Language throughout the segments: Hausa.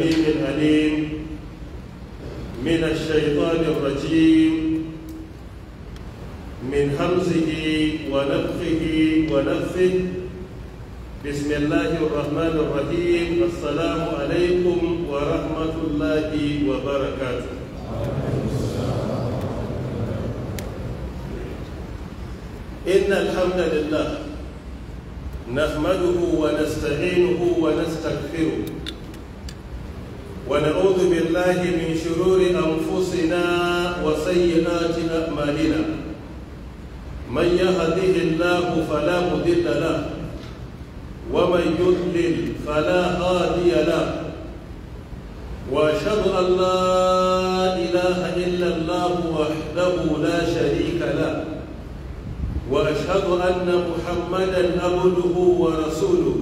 السميع العليم من الشيطان الرجيم من همزه ونفخه ونفثه بسم الله الرحمن الرحيم السلام عليكم ورحمة الله وبركاته إن الحمد لله نحمده ونستعينه ونستغفره ونعوذ بالله من شرور أنفسنا وسيئات أعمالنا من يهده الله فلا مضل له ومن يضلل فلا هادي له واشهد ان لا اله الا الله وحده لا شريك له واشهد ان محمدا عبده ورسوله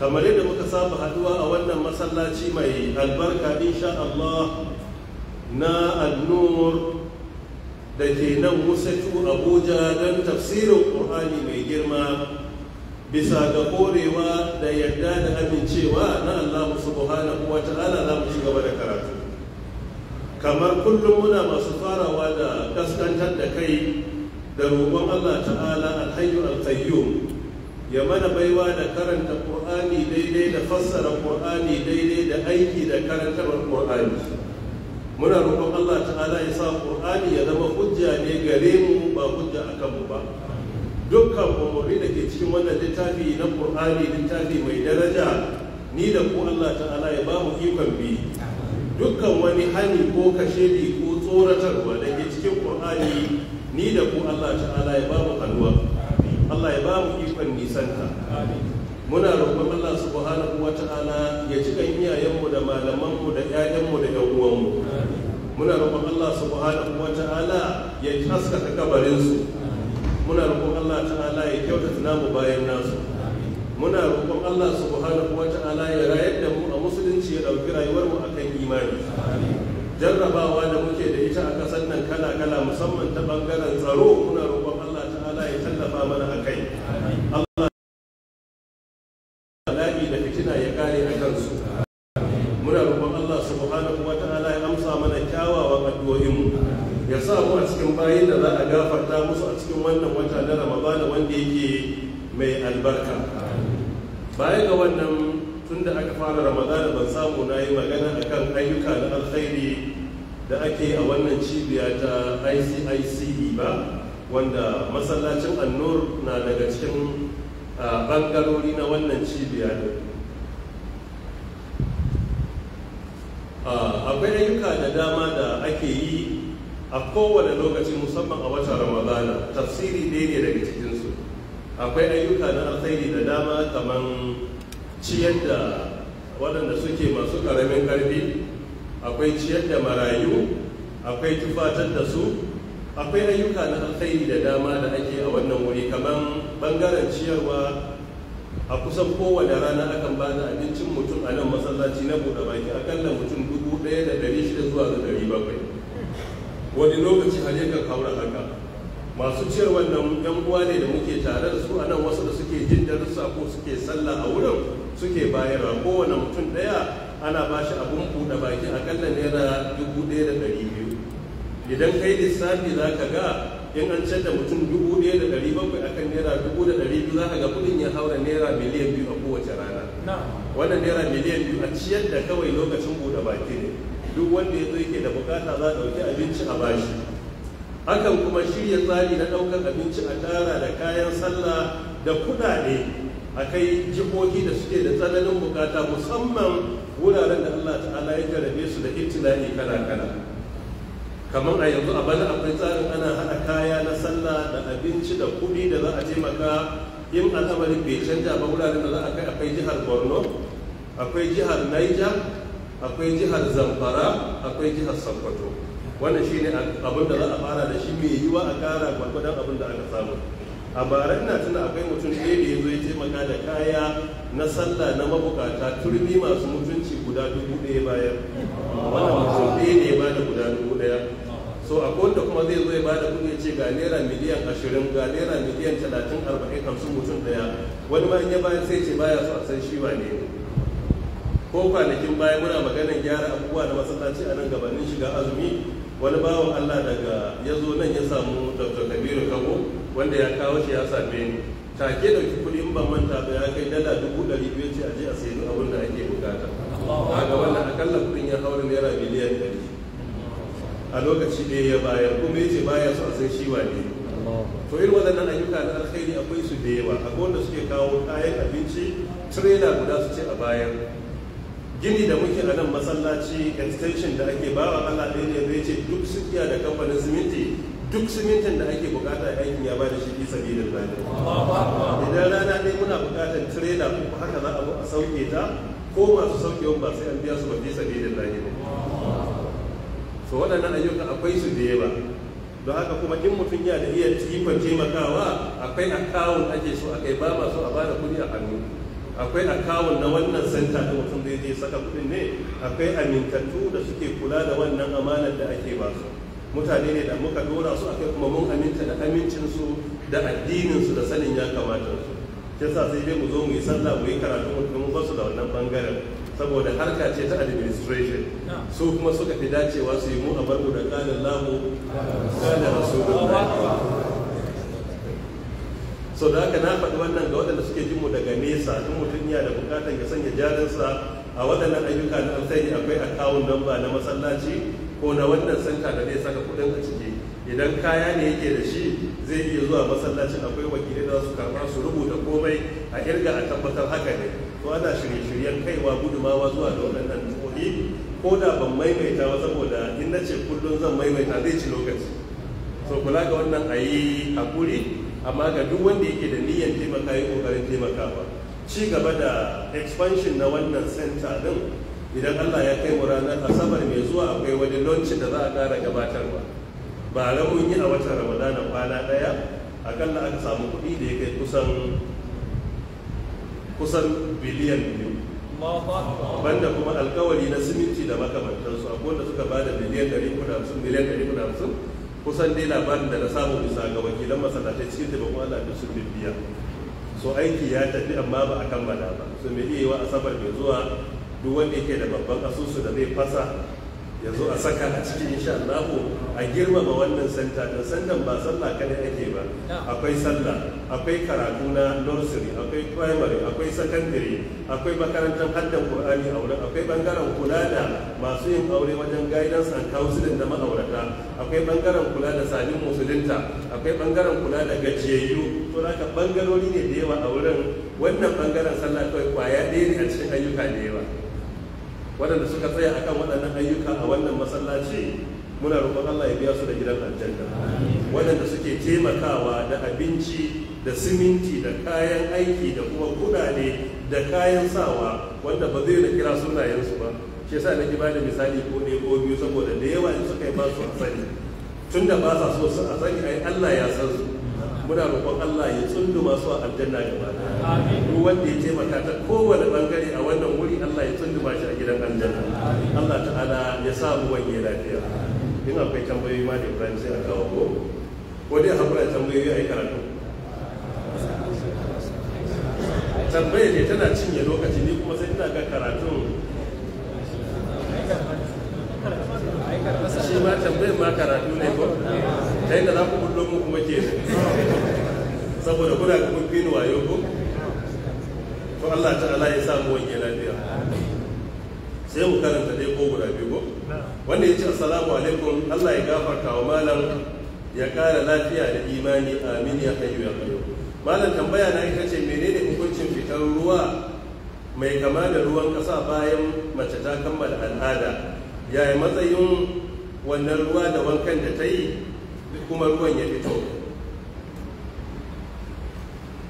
kamar yadda muka saba haduwa a wannan masallaci mai albarka insha Allah na annur da ke nan musatu abuja don tafsirin ƙur'ani mai girma bisa ga korewa da yarda da amincewa na Allah subhanahu wa ta'ala za mu ci gaba da karatu kamar kullum muna masu farawa da kaskantar da kai da roƙon Allah ta'ala alhayyu alqayyum ya mana baiwa da karanta ƙur'ani daidai da fassara ƙur'ani daidai da aiki da karantarwar ƙur'ani muna roƙon Allah ta'ala ya sa ƙur'ani ya zama hujja ne gare mu ba hujja a kanmu ba dukkan umarni da ke cikin wannan littafi na ƙur'ani littafi mai daraja ni da ku Allah ta'ala ya ba mu ikon bi dukkan wani hani ko kashe ko tsoratarwa da ke cikin ƙur'ani ni da ku Allah ta'ala ya ba mu kalwa Allah ya ba mu ikon nisanta muna roƙon Allah subhanahu wa ta'ala ya ci kan iyayenmu da malamanmu da 'ya'yanmu da 'yan uwanmu muna roƙon Allah subhanahu wa ta'ala ya haskaka kabarinsu muna roƙon Allah ta'ala ya kyautata namu bayan nasu muna roƙon Allah subhanahu wa ta'ala ya rayar da mu a musulunci ya ɗauki rayuwar mu akan imani jarrabawa da muke da ita a ƙasar nan kala kala musamman ta ɓangaren tsaro wanda yake mai albarka baya ga wannan tun da aka fara ramadana ban samu na yi magana akan ayyuka na alkhairi da ake a wannan cibiya ta icice ba wanda masallacin annur na daga cikin bangarori na wannan cibiya ne akwai ayyuka da dama da ake yi a kowane lokaci musamman a wata ramadana tafsiri ɗaya ne daga cikin akwai ayyuka na alkhairi da dama kamar ciyar da waɗanda suke masu ƙaramin ƙarfi akwai ciyar da marayu akwai tufatar da su akwai ayyuka na alkhairi da dama da ake a wannan wuri kamar ɓangaren ciyarwa a kusan kowane rana akan ba da abincin mutum a nan masallaci na buɗe baki akalla mutum dubu ɗaya da ɗari shida zuwa ga ɗari bakwai wani lokaci har yakan haura haka masu cewa nan yan uwa ne da muke tare da su a nan wasu da suke jin darussa ko suke sallah a wurin suke bayarwa kowane mutum daya ana ba shi abun buɗe baki akalla naira dubu ɗaya da ɗari biyu idan kai lissafi za ka ga in an da mutum dubu ɗaya da ɗari bakwai akan naira dubu da ɗari biyu za ka ga kuɗin ya haura naira miliyan biyu a kowace rana wannan naira miliyan biyu a ciyar da kawai lokacin buɗe baki ne duk wanda ya zo yake da bukata za a ɗauki abinci a bashi hakan kuma shirya tsari na ɗaukar abinci a tara da kayan sallah da kudade a kai jihohi da suke da tsananin bukata musamman wuraren da Allah ta'ala ya jarabe su da ibtila'i kala kala kamar a yanzu a bana akwai tsarin ana haɗa kaya na sallah da abinci da kuɗi da za a taimaka in al'amarin bai canja ba wuraren da za a kai akwai jihar borno akwai jihar niger akwai jihar zamfara akwai jihar sokoto wannan shi ne abin da za a fara da shi mai yiwa a kara gwargwadon abin da aka samu a bara ina tuna akwai mutum ɗaya da ya zo ya taimaka da kaya na sallah na mabukata turmi masu mutunci guda dubu ɗaya bayan wannan mutum ɗaya ne ba da guda dubu ɗaya so a wanda kuma zai zo ya ba da kuɗi ya ce ga naira miliyan ashirin ga naira miliyan talatin arba'in hamsin mutum ɗaya wani ma in ya bayar sai ce baya so a san shi ba ne ko kwanakin baya muna maganar gyara abubuwa na masallaci a nan gabanin shiga azumi wani bawan allah daga ya zo nan ya samu dr kabiru kago wanda ya kawo shi ya same ni take da kuɗi in ban manta ba ya kai dala dubu ɗari biyu ce a je a sayi abin da ake bukata ga wannan akalla kuɗin ya haura naira miliyan ɗari a lokaci ɗaya ya bayar kuma ya baya so a san shi wane to irin waɗannan ayyuka na alkhairi akwai su da yawa akwai wanda suke kawo kayan abinci tirela guda su ce a bayan gini da muke a nan masallaci extension da ake bawa Allah ɗaya ne zai ce duk sukiya da kamfanin siminti duk simintin da ake bukata aikin ya bada shi isa gidan rana idan rana ne muna bukatar tirela ko haka za a sauke ta ko masu saukewa ba sai an biya su ba isa gidan rana ne so waɗannan ayyuka akwai su da yawa don haka kuma in mutum ya da iya ikon taimakawa akwai akawun ake so a kai ba masu a bada kuɗi a hannu akwai akawun na wannan santa da mutum zai je saka kudin ne akwai amintattu da suke kula da wannan amanar da ake ba su mutane ne da muka dora su akai kuma mun aminta da amincinsu da addininsu da sanin ya kamata su yasa sai dai mu zo mu yi sallah mu yi karatu mu kuma basu da wannan bangaren saboda harka ce ta administration su kuma suka fi dacewa su yi mu a barbu da kanin lamu kanin rasulullahi so da haka na faɗi wannan ga waɗanda suke jin mu daga nesa in mutum yana da bukatar ya sanya jarinsa a waɗannan ayyuka na alkhairi akwai akawun lamba na masallaci ko na wannan santa da zai saka kuɗin a ciki idan kaya ne yake da shi zai iya zuwa masallacin akwai wakilai da su karɓa su rubuta komai a irga a tabbatar haka ne to ana shirye-shiryen kaiwa gudumawa zuwa da waɗannan jihohi ko da ban maimaita ba saboda in na ce kullum zan maimaita zai ci lokaci so kula ga wannan a yi haƙuri amma ga duk wanda yake da niyyar taimaka yi kokarin taimakawa ci gaba da expansion na wannan center din idan Allah ya kai mu ranar asabar mai zuwa akwai wani launch da za a kara gabatarwa ba ramun yi a watan ramadana kwana daya akalla aka samu kuɗi da ya kai kusan kusan biliyan biyu banda kuma alkawari na siminti da makamantansu akwai wanda suka ba da biliyan hamsin. kusan dai labarin da na samu bisa ga wakilan masallatai cikin taimakon Allah da sun bibiya so aiki ya tafi amma ba a kammala ba so mai iya yiwa asabar mai zuwa duk wanda yake da babban asusu da zai fasa ya zo a saka a cikin insha Allah a girmama wannan santa don sannan ba sallah kada ake ba akwai sallah akwai karatu na nursery akwai primary akwai secondary akwai makarantar haddan qur'ani a wurin akwai bangaren kula da masu yin aure wajen guidance and counseling na ma'aurata akwai bangaren kula da sanin musulunta akwai bangaren kula da gajiyayyu to haka bangarori ne da yawa a wurin wannan bangaren sallah kawai kwaya ɗaya ne a cikin ayyuka da yawa waɗanda suka tsaya akan waɗannan ayyuka a wannan masallaci muna roƙon Allah ya biya su da gidan aljanna waɗanda suke taimakawa da abinci da siminti da kayan aiki da kuma kudade da kayan sawa wanda ba zai da kira sunayensu ba shi yasa nake ba da misali ko ne ko biyu saboda da yawa in suka yi ba su asali tun da ba sa so su asali ai Allah ya san su muna roƙon Allah ya tsunduma su a aljanna gaba duk wanda ya taimaka ta kowane bangare a wannan wuri Allah ya tsunduma shi a gidan aljanna Allah ta'ala ya sa mu lafiya in kai tambayoyi ma da ibrahim sai a kawo ko ko dai hakura tambayoyi a yi karatu tambaya ne tana cinye lokaci ni kuma sai ina ga karatun shi ma tambaye ma karatu ne ko ta da za ku bullo mu kuma ke saboda kuna kuma fin wayo ko ko Allah ta'ala ya samu wani lafiya sai mu karanta dai ko guda biyu ko wanda ya ce assalamu alaikum Allah ya gafarta wa malam ya kara lafiya da imani amin ya hayyu ya qayyum malam tambaya na ita ce menene hukuncin fitar ruwa mai kama da ruwan kasa bayan mace ta kammala al'ada yaya matsayin wannan ruwa da wankan da ta yi kuma ruwan ya fito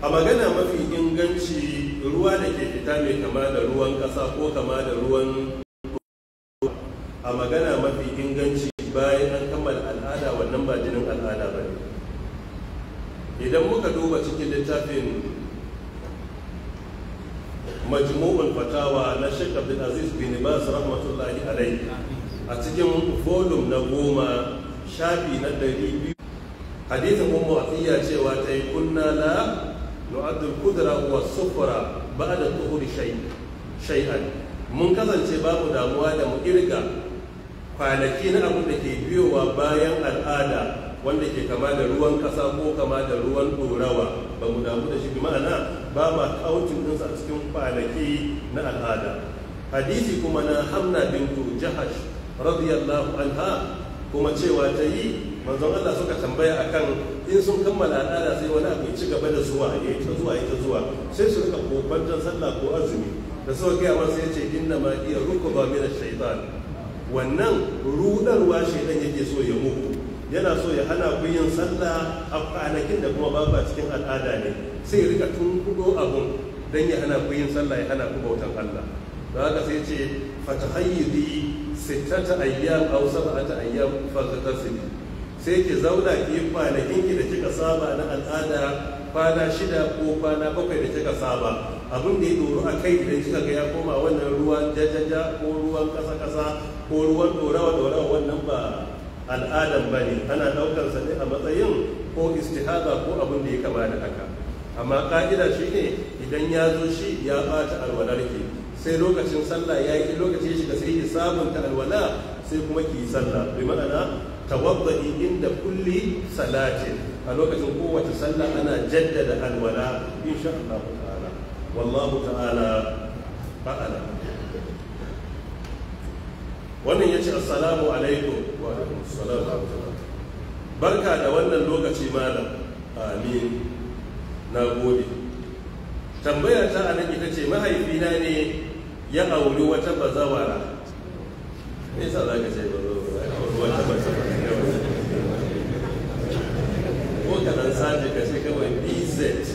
a magana mafi inganci ruwa da ke fita mai kama da ruwan kasa ko kama da ruwan a magana mafi inganci bayan an kammala al'ada wannan ba jinin al'ada ba ne idan muka duba cikin littafin majmu'ul fatawa na sheikh aziz bin bas rahmatullahi alai a cikin volume na goma shafi na ɗari biyu hadithin umu atiya cewa ta yi kunna la nu'addul kudura wa sufura ba da tuhuri shay'an mun kasance babu damuwa da mu kirga kwanaki na abin da ke biyowa bayan al'ada wanda ke kama da ruwan kasa ko kama da ruwan dorawa ba mu damu da shi ma'ana ba ma kaucin ɗinsa a cikin kwanaki na al'ada hadisi kuma na hamna bintu jahash radiyallahu anha kuma cewa ta yi manzon Allah suka tambaya akan in sun kammala al'ada sai wani abu ci gaba da zuwa ya ta zuwa ya ta zuwa sai su rika kokon sallah ko azumi da suka gaya masa ya ce inna ma iya rukuba min shaitan wannan rudarwa shaidan yake so ya muku yana so ya hana ku yin sallah a kwanakin da kuma a cikin al'ada ne sai rika tun kudo abun dan ya hana ku yin sallah ya hana ku bautan Allah don haka sai ce fatahayyidi sittata ayyam aw sab'ata ayyam faghtasili sai ki zauna ki yi kwanakin ki da kika saba na al'ada kwana shida ko kwana bakwai da kika saba abin da ya doro a kai idan kika ga ya koma wannan ruwan jajaja ko ruwan kasa kasa ko ruwan dorawa dorawa wannan ba al'adan ba ne ana daukar sa ne a matsayin ko istihaza ko abin da ya kama da haka amma ka'ida shi ne idan ya zo shi ya bata alwalar ke sai lokacin sallah ya yi lokacin shiga sai ki sabunta alwala sai kuma ki yi sallah bai ma'ana tawadda'i inda kulli salatin a lokacin kowace sallah ana jaddada alwala insha Allah wallahu ta'ala a'ala wannan ya ce assalamu alaikum wa wa assalam barka da wannan lokaci malam amin na gode tambayar ta nan ita ce mahaifina ne ya auri wata bazawara me yasa za ka ce wata bazawara ko ka nan saje ka ce kawai bizet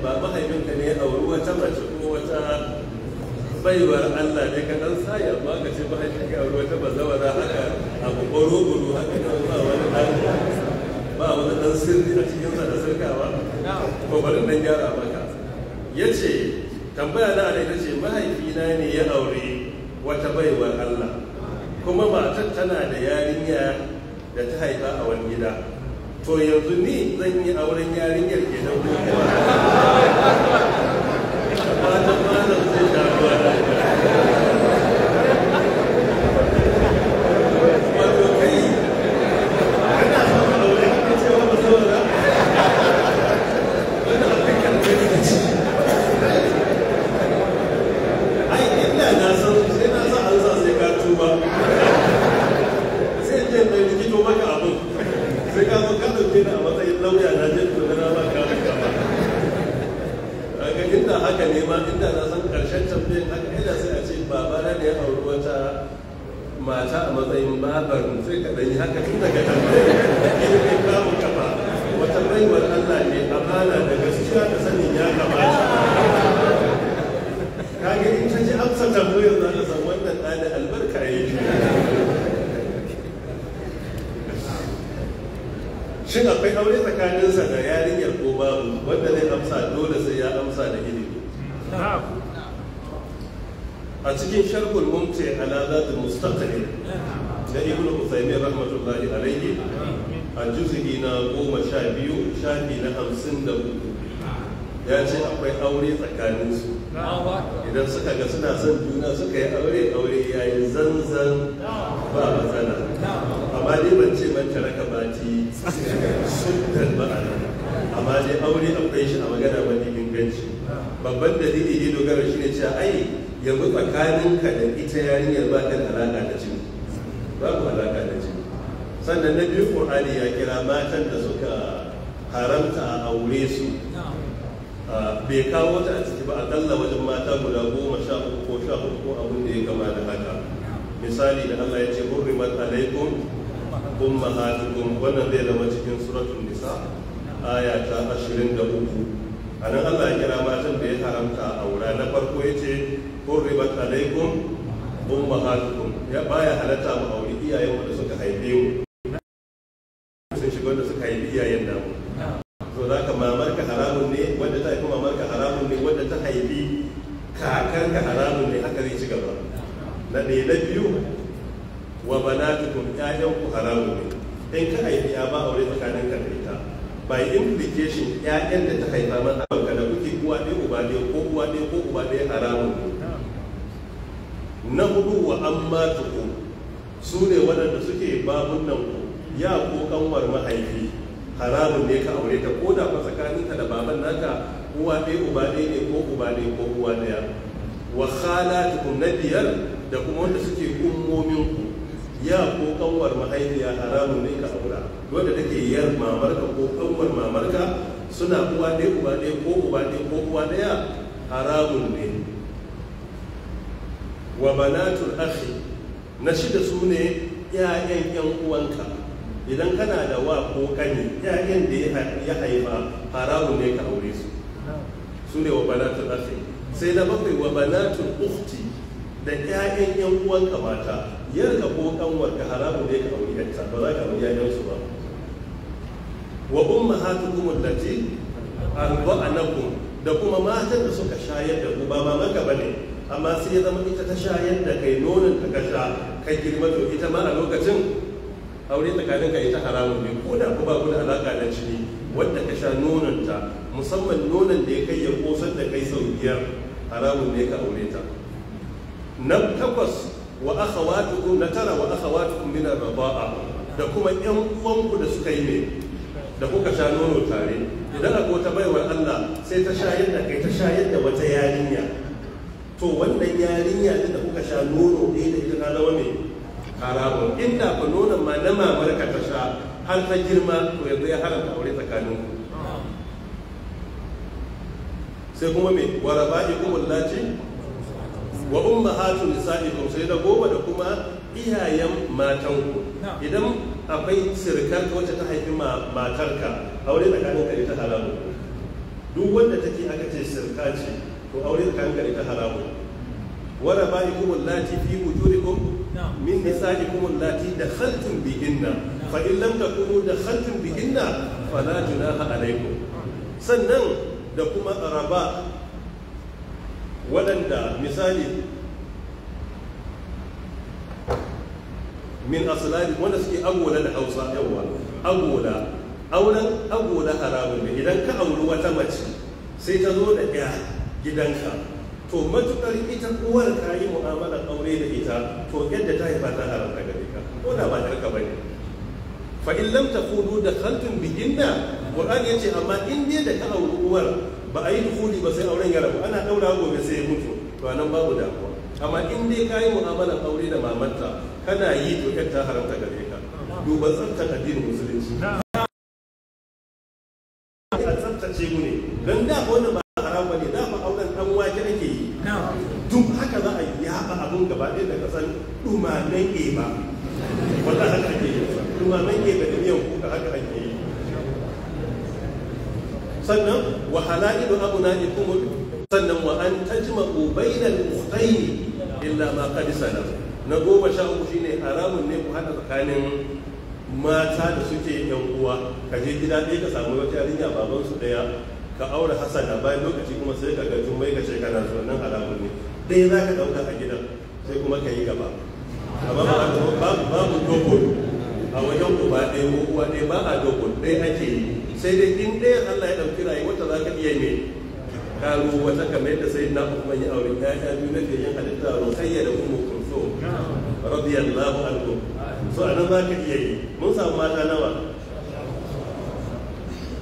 ba mahaifinka ne ya auri wata mace ko wata baiwar Allah ne ka dan sai amma ka ce mahaifinka ya auri wata bazawara haka a kokoro gudu haka kan ba wani dan ba wani dan sirri a cikin sa da sirkawa ko bari nan gyara maka yace tambaya na ne ita ce mahaifina ne ya aure wata baiwar Allah kuma matar tana da yarinya da ta haifa a wani gida to yanzu ni zan yi auren yarinyar gidan kuma amma dai aure akwai shi a magana mafi inganci babban dalili ne dogara shi ne cewa ai yanzu tsakaninka da ita yarinyar ba ta alaka da cin ku alaka da cin sannan na biyu ƙur'ani ya kira matan da suka haramta a aure su bai kawo ta a ciki ba akalla wajen mata guda goma sha uku ko sha uku ko abin da ya gama da haka misali da Allah ya ce hurrimat alaikum ummahatukum wannan zai zama cikin suratun nisa aya ta da 23 a nan Allah ya kira matan da ya haramta a wura na farko ya ce hurribat alaikum ummahatukum ya baya halatta mu auri iyayen wanda suka haife mu sun shiga wanda suka haife. iyayen namu so za ka mamarka haramun ne wanda ta haifi mamarka haramun ne wanda ta haifi kakarka haramun ne haka zai ci gaba na ɗaya na biyu in the mata yarka ko kanwarka haramun ne ka auri yarta ba za ka auri yayan su ba wa ummahatukum allati arba'anakum da kuma matan da suka shayar da ku ba mamanka bane amma sai ya zama ita ta shayar da kai nonon ka kasha kai girma to ita ma a lokacin aure tsakanin ka ita haramun ne ko da ku ba ku da alaka da shi wanda ka sha nonon ta musamman nonon da ya kai ya kosar da kai sau biyar haramun ne ka aure ta na takwas wa akhawatukum na tara wa akhawatukum min ar-rida'a da kuma ƴan uwanku da suka yi ne da kuka sha nono tare idan aka wata baiwar Allah sai ta shayar da kai ta shayar da wata yarinya to wannan yarinya da kuka sha nono ɗaya da ita na zama mai haramun inda ku nonon ma na mamarka ta sha har ta girma to yanzu ya ta aure tsakanin ku sai kuma me kuma lati wa ummahatu nisaikum sai da goma da kuma iyayen matanku idan akwai sirkar wacce ta haifi matarka aure tsakanin gari ta haramu duk wanda take aka ce sirka ce to aure tsakanin gari ta haramu wa rabaikum allati fi wujurikum min nisaikum allati dakhaltum bihinna fa in lam takunu dakhaltum bihinna fala junaha alaykum sannan da kuma raba waɗanda misali min asalari wanda suke agola da hausa yawa agola auren agola haramun ne idan ka auri wata mace sai ta zo da ɗaya gidanka to matukar ita uwar ka yi mu'amalar aure da ita to yadda ta haifa ta haramta gare ka ko da ba ta ba ne fa in lam takunu da khaltun bihinna qur'ani yace amma in dai da ka auri uwar ba a yi dukuli ba sai auren ya rabu ana daura gobe sai ya mutu to nan babu damuwa amma in dai ka yi mu'amalar aure da mamarta kana yi to ta haramta gare ka duba tsaftace addinin musulunci a tsaftace mu ne don da wannan ba haramu ne da ba auren dan wake ake yi duk haka za a yaba abun gaba ɗaya da kasan dumamen eba wanda haka ake yi dumamen eba da miyan kuka haka ake yi sannan wa halailu abnaikum sannan wa an tajma'u bainal ukhtayn illa ma qad salam na goma sha uku shine haramun ne ku hada tsakanin mata da suke yan uwa ka je gida ɗaya ka samu wata yarinya baban su ɗaya ka aura hasana bayan lokaci kuma sai ka ga jummai ka ce kana so nan haramun ne ɗaya za ka ɗauka a gidan sai kuma ka yi gaba amma ba babu dogon a wajen uba ɗaya ko uwa ɗaya ba a dogon ake yi sai dai in ɗaya Allah ya ɗauki wata za ka iya mai karo wata kamar yadda sai na kuma yi aure ƴaƴa biyu na yin halitta kayyar da ummu kulso radiyallahu anhu so anan za ka iya yi mun samu mata nawa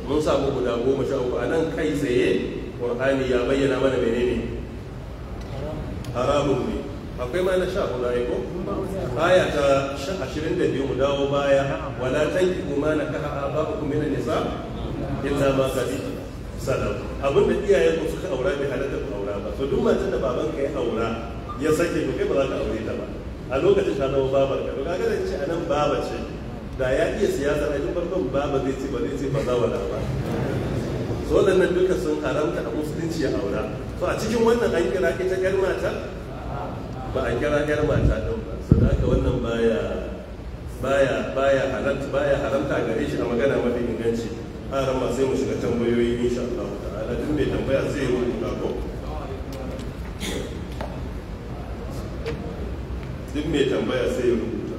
mun samu guda goma sha uku anan kai tsaye qur'ani ya bayyana mana menene haramun ne akwai ma na sha guda ya ko aya ta 22 mu dawo baya wala na kaha ba ku min nisa illa ma kadi salam abin da iyayen ku suka aura bai halatta ku aura ba to duk matan da baban ka ya aura ya sake ku kai ba za ka aure ta ba a lokacin ta zama babar ka to kaga da ce anan baba ce da ya iya siyasa a duk farkon baba zai ce ba zai ce ba za wala ba so waɗannan duka sun haramta a musulunci ya aura to a cikin wannan an kira ita yar mata ba a kira yar mata din ba so da haka wannan baya baya baya halatta baya haramta gare shi a magana mafi inganci Ah, ma zai mu shiga tambayoyi insha Allah ta'ala duk mai tambaya yi wani rubuta ko duk mai tambaya sai ya rubuta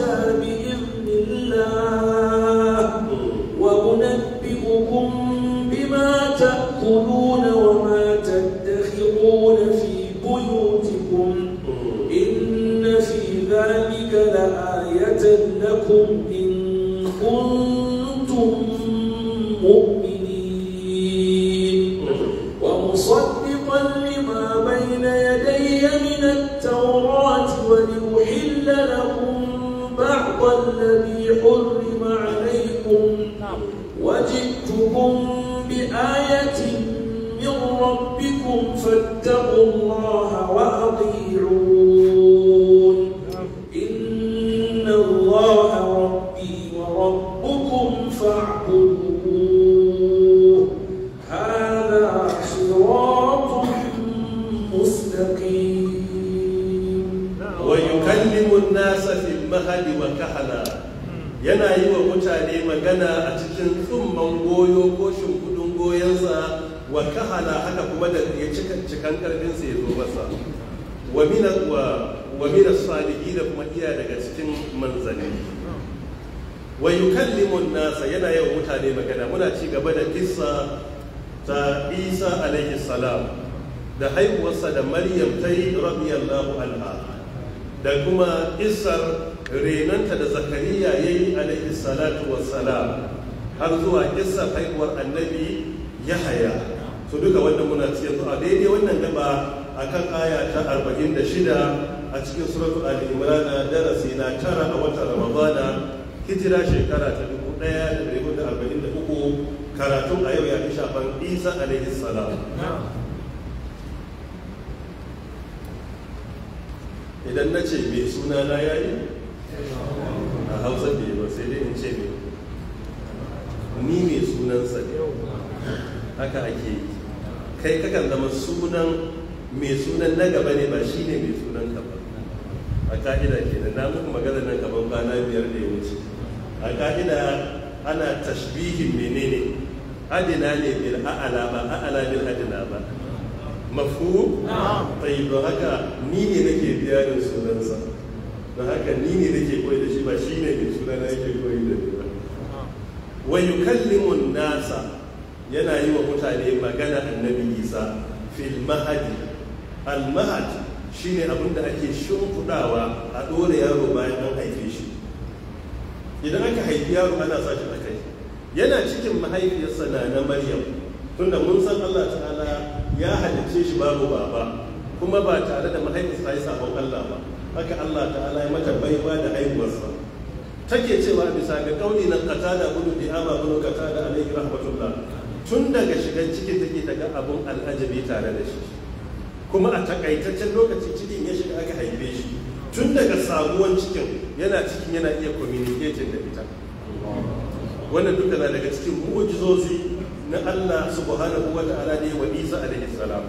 الكتاب hijira shekara ta dubu ɗaya da dari da arba'in da uku karatun a yau ya fi shafan isa alaihi salam idan na ce mai suna na yayi a hausa bai ba sai dai in ce ni mai sunansa ne haka ake yi kai kakan zama sunan mai sunan na gaba ne ba shine mai sunan ka ba a ka'ida kenan na muku magana nan kamar bana biyar da ya wuce a ka'ida ana tashbihin menene adina ne bil a'ala ba a'ala bil adina ba mafu tayyib haka ni ne nake biyarin sunansa don haka ni ne nake koyi da shi ba shi ne mai sunana yake koyi da ni ba wa yukallimun nasa yana yi wa mutane magana annabi isa fil mahadi al mahad shine abin da ake shimfidawa a dore yaro bayan an idan aka haifi yaro ana sa shi a kai yana cikin mahaifiyarsa na na maryam tunda mun san allah ta'ala ya halicce shi babu baba kuma ba tare da mahaifinsa ta yi sabon allah ba haka allah ta'ala ya mata baiwa da haihuwarsa take cewa bisa ga kauli na qatada ibn bi'ama kata da alayhi rahmatullah tun daga shigan ciki take daga abun al'ajabi tare da shi kuma a takaitaccen lokaci cikin ya shiga aka haife shi tun daga sabuwan cikin yana cikin yana iya communicating da ita wannan duka na daga cikin mu'ujizozi na Allah subhanahu wa ta'ala ne wa Isa alaihi salam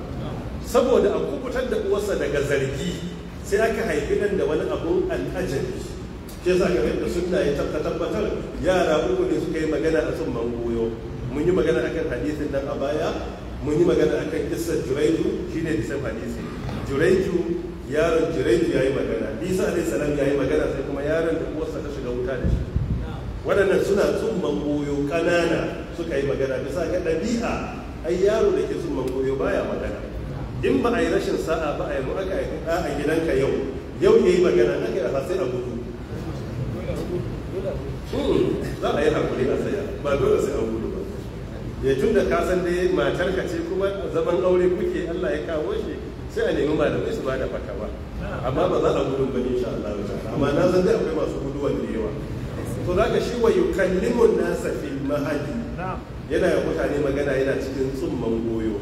saboda a kubutar da uwarsa daga zargi sai aka haifi nan da wani abu al'ajabi ke sa ga yadda sunna ya tabbatar yara uku ne suka yi magana a sun goyo mun yi magana akan hadisin nan a baya mun yi magana akan kissar juraiju shine da hadisi juraiju yaron jirai ya yi magana isa alaihi salam ya yi magana sai kuma yaron da uwarsa ta shiga wuta da shi waɗannan suna tsumman mangoyo ƙanana suka yi magana bisa ga ɗabi'a ai yaro da ke tsumman ba baya magana in ba a yi rashin sa'a ba a yi mu aka yi a gidanka yau yau ya yi magana an kai a sai a gudu hmm, za a yi hakuri a saya ba dole sai a gudu ba ya tun da ka san dai matarka ce kuma zaman aure kuke Allah ya kawo shi sai a nemi malamai su ba da fata ba amma ba za a gudun ba insha Allah amma na san dai akwai masu guduwa da yawa to ka shi wa yukallimu nasa fil mahadi yana ya mutane magana yana cikin tsumman goyo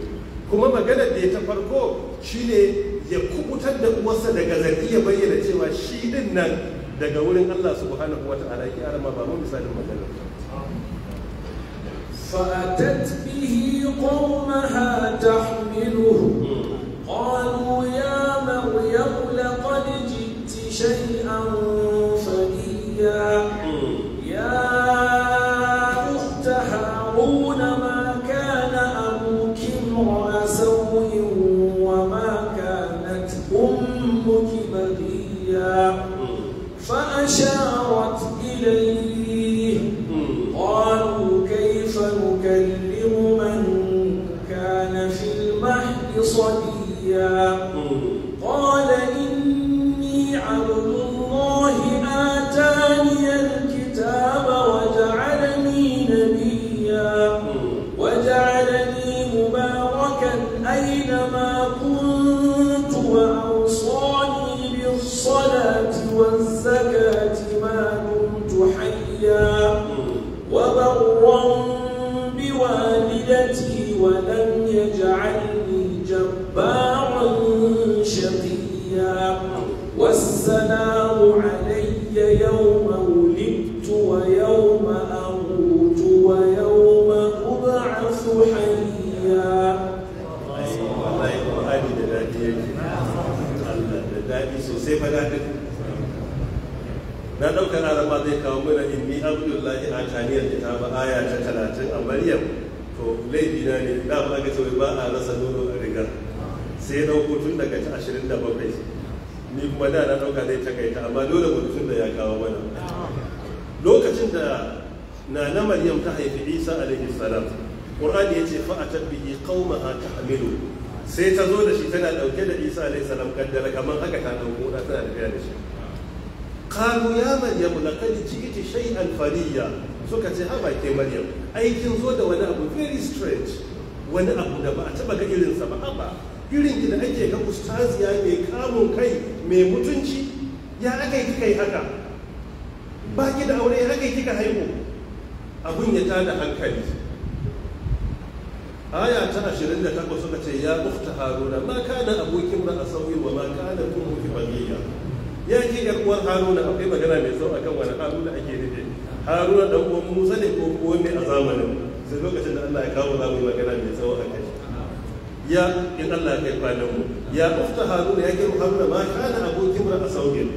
kuma magana da ya ta farko shine ya kubutar da uwarsa daga zargi ya bayyana cewa shi din nan daga wurin Allah subhanahu wata'ala ki arama ba mu misalin magana فأتت به قومها تحمله قالوا يا والسلام علي يوم ولدت ويوم أموت ويوم أبعث حيا na ɗaukar araba zai kawo mana inni abdullahi a taniyar kitaba aya ta talatin a maryam to laifi na ne da ba ga ba a rasa nono a rigar sai ɗauko tun daga ta ashirin da bakwai kuma da na ɗauka zai takaita amma dole mutum da ya kawo mana lokacin da na na maryam ta haifi isa alaihi salam qur'ani yace fa atabbi qaumaha tahmilu sai ta zo da shi tana dauke da isa alaihi salam kaddara kamar haka ta dauko da tana tafiya da shi qalu ya maryam laqad ji'ti shay'an fariya suka ce haba ke maryam aikin zo da wani abu very strange wani abu da ba a taba ga irinsa ba haba irin ki da ake ga ustaziya mai kamun kai mai mutunci ya aka yi kika yi haka ba ki da aure ya aka yi kika haihu abun ya tada hankali aya ta ashirin da takwas suka ce ya ukta haruna ma da abokin ba a sauyi wa ma da kuma ki bagiya ya ke yar uwar haruna akwai magana mai sau akan wani haruna ake nufi haruna dan uwan musa ne ko kome a zamanin sai lokacin da Allah ya kawo za mu yi magana mai tsawo a kai ya in Allah ya kai kwanan mu ya ufta haruna ya kiru haruna ma kana abokin ra'a saugin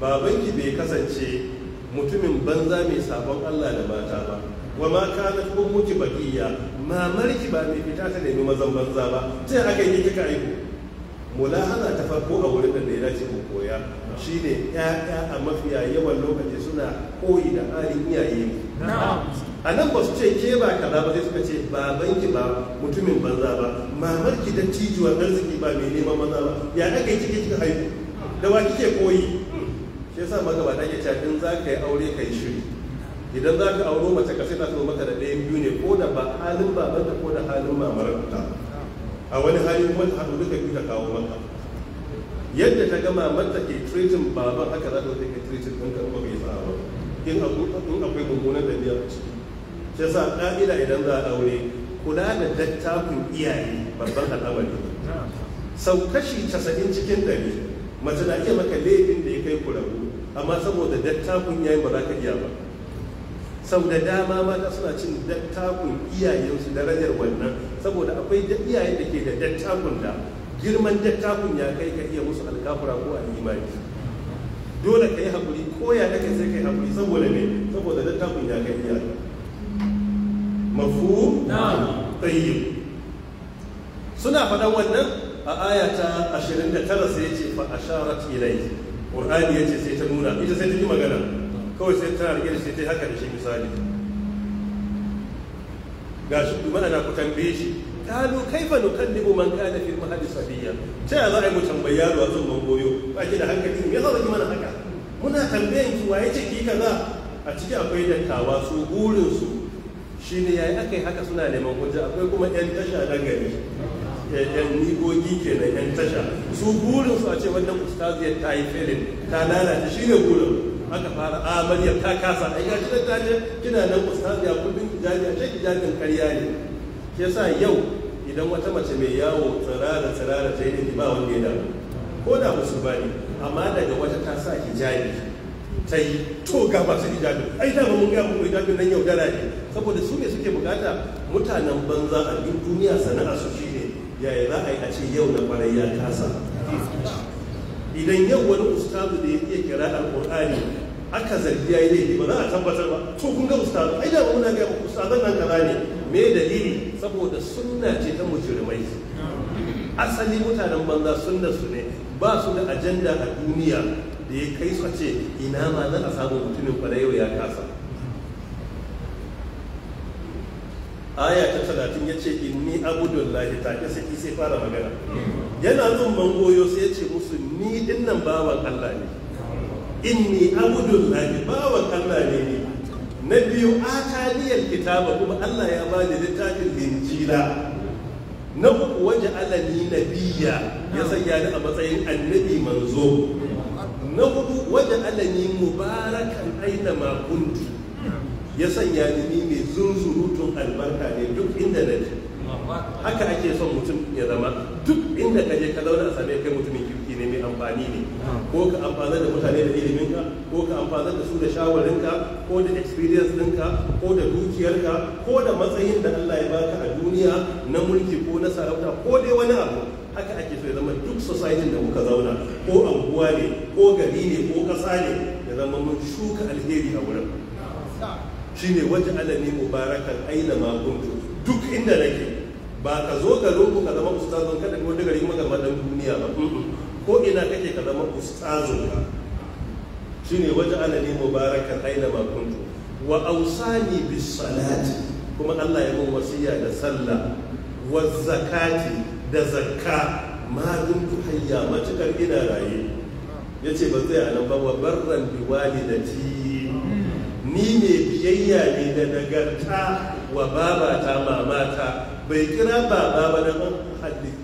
babanki bai kasance mutumin banza mai sabon Allah da mata ba wa ma kana ummuki baqiya mamarki ba mai fita ta nemi mazan banza ba sai aka yi kika aiko mulahana ta farko a wurin da ya dace mu koya shine ƴaƴa a mafiya yawan lokaci suna koyi da halin iyaye a nan ba su ce ke ba kaza ba sai suka ce ba banki ba mutumin banza ba mamar ki dan arziki ba mai neman maza ba ya aka yi kike kika haihu da wa kike koyi shi yasa magaba da ke in za ka yi aure kai shiri idan za ka auro mace ka sai ta zo maka da ɗayan biyu ne ko da ba halin baban ko da halin mamar ta a wani hali kuma ta haɗu duka biyu ta kawo maka yadda ta gama mata ke treatin baban haka za ta wata ke ke treatin ɗinka kuma bai tsara ba in akwai mummunan da biyar ciki shi sa ƙa'ida idan za a aure kula da dattakun iyaye babban al'amari sau kashi casa'in cikin ɗari mace na iya maka laifin da ya kai kurabu amma saboda dattakun yayi ba za ka iya ba sau da dama mata suna cin dattakun iyayensu da rajar wannan saboda akwai iyaye da ke da dattakun da girman dattakun ya kai ka iya musu alkafura ko al'imani dole ka yi haƙuri ko ya kake sai ka yi haƙuri saboda ne saboda dattakun ya kai iya mafu tayyib suna faɗan wannan a aya ta 29 sai ce fa asharat ilai qur'ani yace sai ta nuna ita sai ta yi magana kawai sai ta rike sai ta yi haka da shi misali ga shi kuma ana ku tambaye shi kalu kaifa nukallimu man kana fil mahdi sabiyya ta ya za a yi mu tambayi yaro a tsohon goyo ba ki da hankali me zai mana haka muna tambayan ki waye ce ki kaza a ciki akwai dattawa su burin su shi ne yayi aka yi haka suna neman hujja akwai kuma yan tasha na gari yan eh, nigogi kenan yan tasha su burin su a ce wannan ustaziyar ta yi felin ta lalata shi ne burin aka fara amarya ah, ta kasa a yi kina ta je kina nan ustaziya kullum hijabi a ce karya ne ke sa yau idan wata mace mai yawo tsirara tsirara ta yi ba wanda ya damu ko da musu bari amma daga wata ta sa jami'a sai to ga masu hijabi ai da mun ga mun hijabi nan yaudara ne saboda su ne suke bukata mutanen banza a duk duniya sana'a su shine yaya za a yi a ce yau na kwarai ya kasa idan yau wani ustazu da ya iya kira alqur'ani aka zargi yi laifi ba za a tabbatar ba to kun ga ustazu ai da muna ga ustazan nan kaza ne me dalili saboda sunna ce ta mujrimai asali mutanen banza sunna su ne ba su da ajanda a duniya da ya kai su a ce ina ma za a samu mutumin fa yau ya kasa aya ta talatin ya ce in ni abudullahi ta ke saki sai fara magana yana zun mangoyo sai ya ce musu ni dinnan bawan Allah ne In ni abudullahi bawan Allah ne ne na biyu akaliyar kitaba kuma Allah ya ba ni littafin linjila na uku waje alani nabiya ya sanya ni a matsayin annabi manzo na hudu wajen alani mubarakan aina makuntu ya sanya ni mai zunzurutun albarka ne duk inda na ji haka ake son mutum ya zama duk inda ka je ka zauna a same kai mutumin kirki ne mai amfani ne ko ka amfana da mutane da iliminka ko ka amfana da su da shawarinka ko da experience ɗinka ko da dukiyarka ko da matsayin da Allah ya baka a duniya na mulki ko na sarauta ko dai wani abu haka ake so ya zama duk society da muka zauna ko anguwa ne ko gari ne ko ƙasa ne ya zama mun shuka alheri a wurin shi ne wajen alami mubarakan aina magunta duk inda nake ba ka zo ka ku ka zama ustazon kada ko daga rin magamadan duniya ba ko ina kake ka zama ustazon ka ne wajen alami mubarakan aina magunta wa ausani bis salati kuma Allah ya mun wasiya da sallah wa zakati da zakka ma dumtu hayya matukar ina raye yace ba zai anan ba barran bi walidati ni ne biyayya ne da nagarta wa babata mamata bai kira baba ba da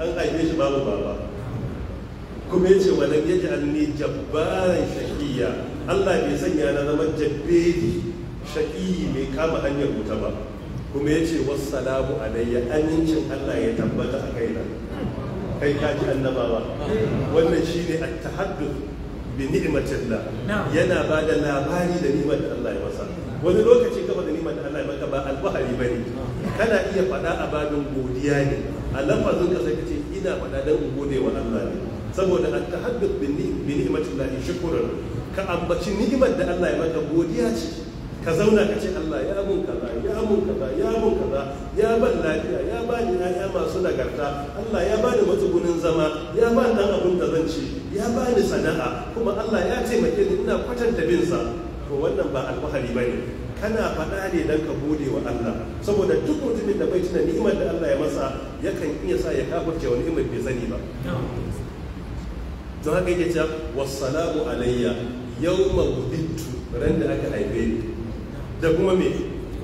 an haife shi babu baba kuma yace wa an yaj'alni jabbaran shaqiya Allah bai sanya na zama jabbeli shaki mai kama hanyar wuta ba kuma ya ce wassalamu alayya amincin Allah ya tabbata a kaina. kai ka ji annabawa wannan shine at-tahadduth bi yana ba da labari da ni'mar da Allah ya masa wani lokaci kama da ni'mar da Allah ya maka ba alfahari ne. kana iya faɗa a babin godiya ne a lafazin ka sai ce ina faɗa dan in gode wa Allah ne saboda at-tahadduth bi ni'matillah shukran ka ambaci ni'imar da Allah ya maka godiya ce ka zauna ka ce Allah ya abun kaza ya abun kaza ya abun kaza ya ban lafiya ya ba ni ya masu nagarta Allah ya bani matsugunin zama ya ba ni abun da zan ci ya ba ni sana'a kuma Allah ya taimake ni ina kwatanta bin sa to wannan ba alfahari bane kana faɗa ne dan ka gode wa Allah saboda duk mutumin da bai tuna ni'imar da Allah ya masa yakan iya sa ya kafirce wani ni'imar bai sani ba don haka yake cewa wassalamu alayya yawma wulidtu ran da aka haife ni da kuma me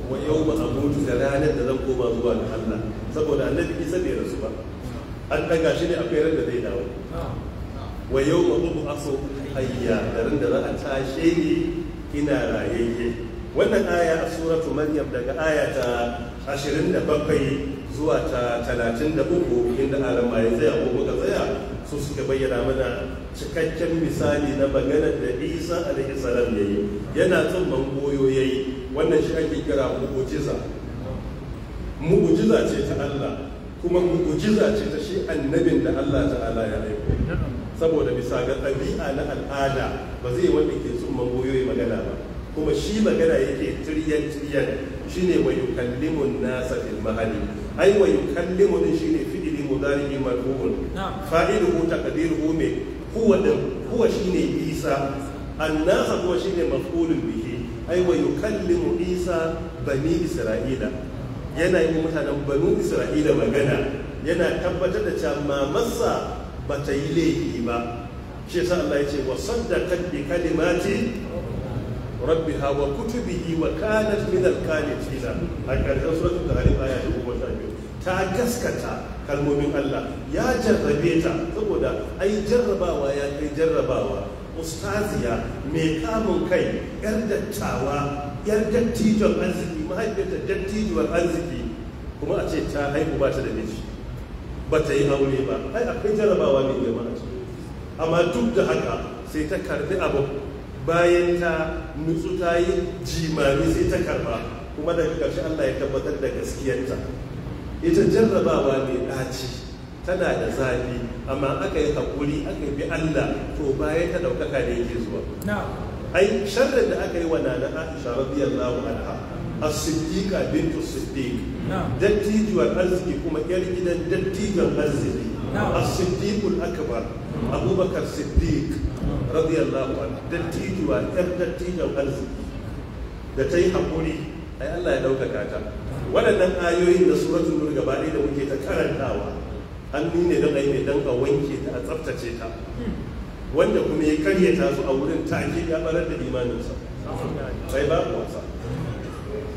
wa yau ba a mutu da ranar da zan koma zuwa ga Allah saboda annabi isa bai rasu ba an daga shi ne a kai da zai dawo wa yau ma ku aso hayya da ran da za a tashe ni ina rayayye wannan aya a suratu maryam daga aya ta 27 zuwa ta talatin da uku inda alama ya tsaya ko muka tsaya su suka bayyana mana cikakken misali na maganar da isa alaihi salam ya yi yana tsumman goyo ya yi wannan shi ake kira mu'ujiza mu'ujiza ce ta allah kuma mu'ujiza ce ta shi annabin da allah ta'ala ya aiko saboda bisa ga ɗabi'a na al'ada ba zai wanda ke tsumman goyo ya magana ba kuma shi magana yake tiriyan tiriyan shine wa yukallimun nasa fil ai wa yukallimu din shine fi'ili mudari marfu'un fa'iluhu taqdiruhu me huwa da huwa shine isa annasa huwa shine maf'ulun bihi ai wa yukallimu isa bani isra'ila yana yi mutanen banu isra'ila magana yana tabbatar da cewa mamarsa ba ta yi laifi ba shi yasa Allah ya ce wa da bi kalimati rabbiha wa kutubihi wa kanat min al-qanitina a ƙarshen suratul tahrim aya ta gaskata kalmomin Allah ya jarrabe ta saboda ai jarrabawa ya kai jarrabawa ustaziya mai kamun kai yar dattawa yar dattijon arziki mahaifiyarta dattijuwar arziki kuma a ce ta haihu ba ta da miji ba ta yi aure ba ai akwai jarrabawa ne girma a amma duk da haka sai ta karbi abu bayan ta nutsu ta yi jimami sai ta karba kuma daga ƙarshe Allah ya tabbatar da gaskiyarta ita jarrabawa mai ɗaci tana da zafi amma aka yi haƙuri aka yi bi Allah to bayan ta ɗaukaka da yake zuwa ai sharrin da aka yi wa nana Aisha radiyallahu a as-siddiqa bintu siddiq dattijuwar arziki kuma yar gidan dattijan arziki a siddiqul akbar abubakar siddiq radiyallahu anhu dattijuwar yar dattijan arziki da ta yi haƙuri ai Allah ya ɗaukaka ta waɗannan ayoyin da suratul nur gaba da muke ta karantawa an nune da ɗai ne don a wanke ta a tsaftace ta wanda kuma ya ta su a wurin take ya barar da imaninsa sai ba ku wasa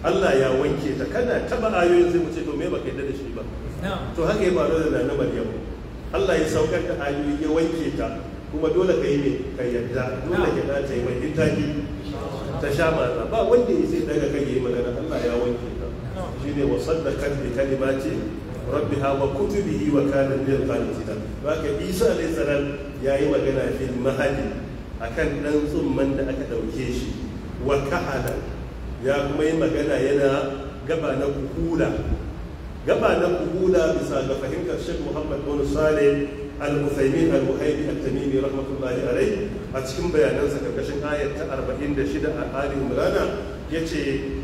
Allah ya wanke ta kana taba ayoyin zai mu ce to me baka yadda da shi ba to haka ya faru da na Maryamu Allah ya saukar da ayoyi ya wanke ta kuma dole ka yi ne ka yadda dole ka yi mai ta sha ba wanda ya sai daga kai yayi magana Allah ya wanke shine wa saddaqan bi kalimati rabbiha wa kutubihi wa kana min al-qanitina haka Isa alayhi salam yayi magana fil mahadi akan dan tsumman da aka dauke shi wa kahala ya kuma yi magana yana gaba na kuhula gaba na kuhula bisa ga fahimtar Sheikh Muhammad bin Saleh al-Uthaymeen al-Muhaydi al-Tamimi rahmatullahi alayh a cikin bayanansa karkashin ayat ta 46 a Ali Imran yace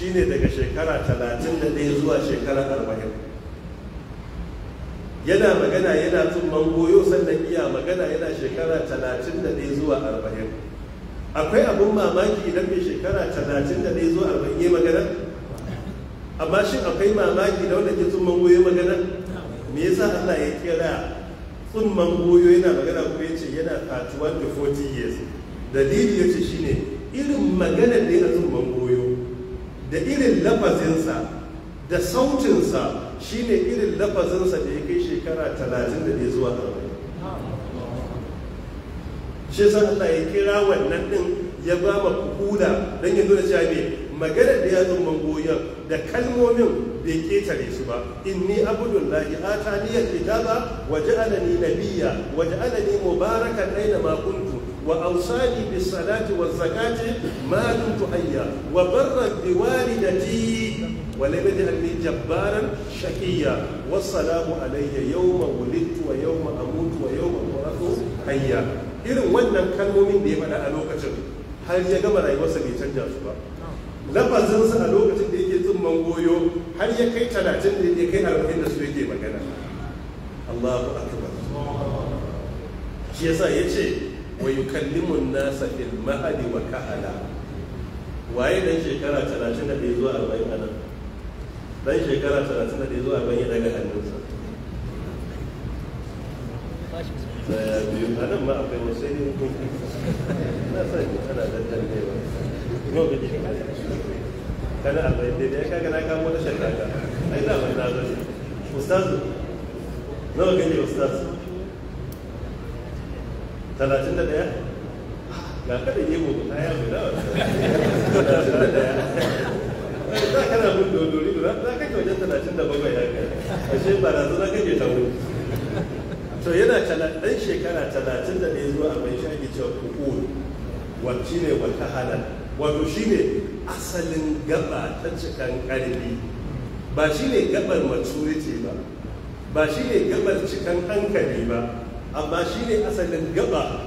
shine daga shekara 31 zuwa shekara 40 yana magana yana tsumman goyo sannan iya magana yana shekara 31 zuwa 40 akwai abin mamaki idan mai shekara 31 zuwa 40 ya magana amma shi akwai mamaki da wanda ke tsumman goyo magana me yasa Allah ya kira tsumman goyo yana magana kuma ya ce yana 31 to 40 years dalili ya ce shine irin maganar da yana tsumman goyo da irin lafazinsa da sautinsa shi ne irin lafazinsa da ya kai shekara talatin da ne zuwa arba'in shi sa Allah ya kira wannan din ya ba ma kula don ya nuna cewa magana da ya zumban goyon da kalmomin bai ketare su ba inni abudullahi ataniyal kitaba wa ja'alani nabiyya wa ja'alani mubarakan aina ma kuntu Wa بالصلاة والزكاة ما دمت حيا وبرا بوالدتي ولم يجعلني جبارا شقيا والسلام علي يوم ولدت ويوم أموت ويوم أبعث حيا irin wannan kalmomin da ya faɗa a lokacin har ya gama rayuwarsa bai canja su ba lafazinsa a lokacin da yake tsumman goyo har ya kai talatin da ya kai arba'in da su yake magana Allahu akbar shi yasa ya ce Wai yukallimun nasa fil mahadi wa waye dan shekara 31 zuwa 40 anan dan shekara 31 zuwa 40 daga hannunsa a nan ma akwai wasu ne na sani ana daddannewa lokaci kana arba'in daidai ya kaga na kamo tashar daga ai da ban na zai ustazu nawa gani Ustaz. talatin da ɗaya ga kada yi mu ta yi da talatin da ɗaya za ka na bin dodori za ka ke wajen talatin da bakwai ya kai ashe ba na za ka ke ta wuri to yana ɗan shekara talatin da ɗaya zuwa abin shi ake cewa kukuru wacce ne wata hada? wato shi ne asalin gaba ta cikin ƙarfi ba shi ne gabar maturity ba ba shi ne gabar cikin hankali ba amma shi ne asalin gaba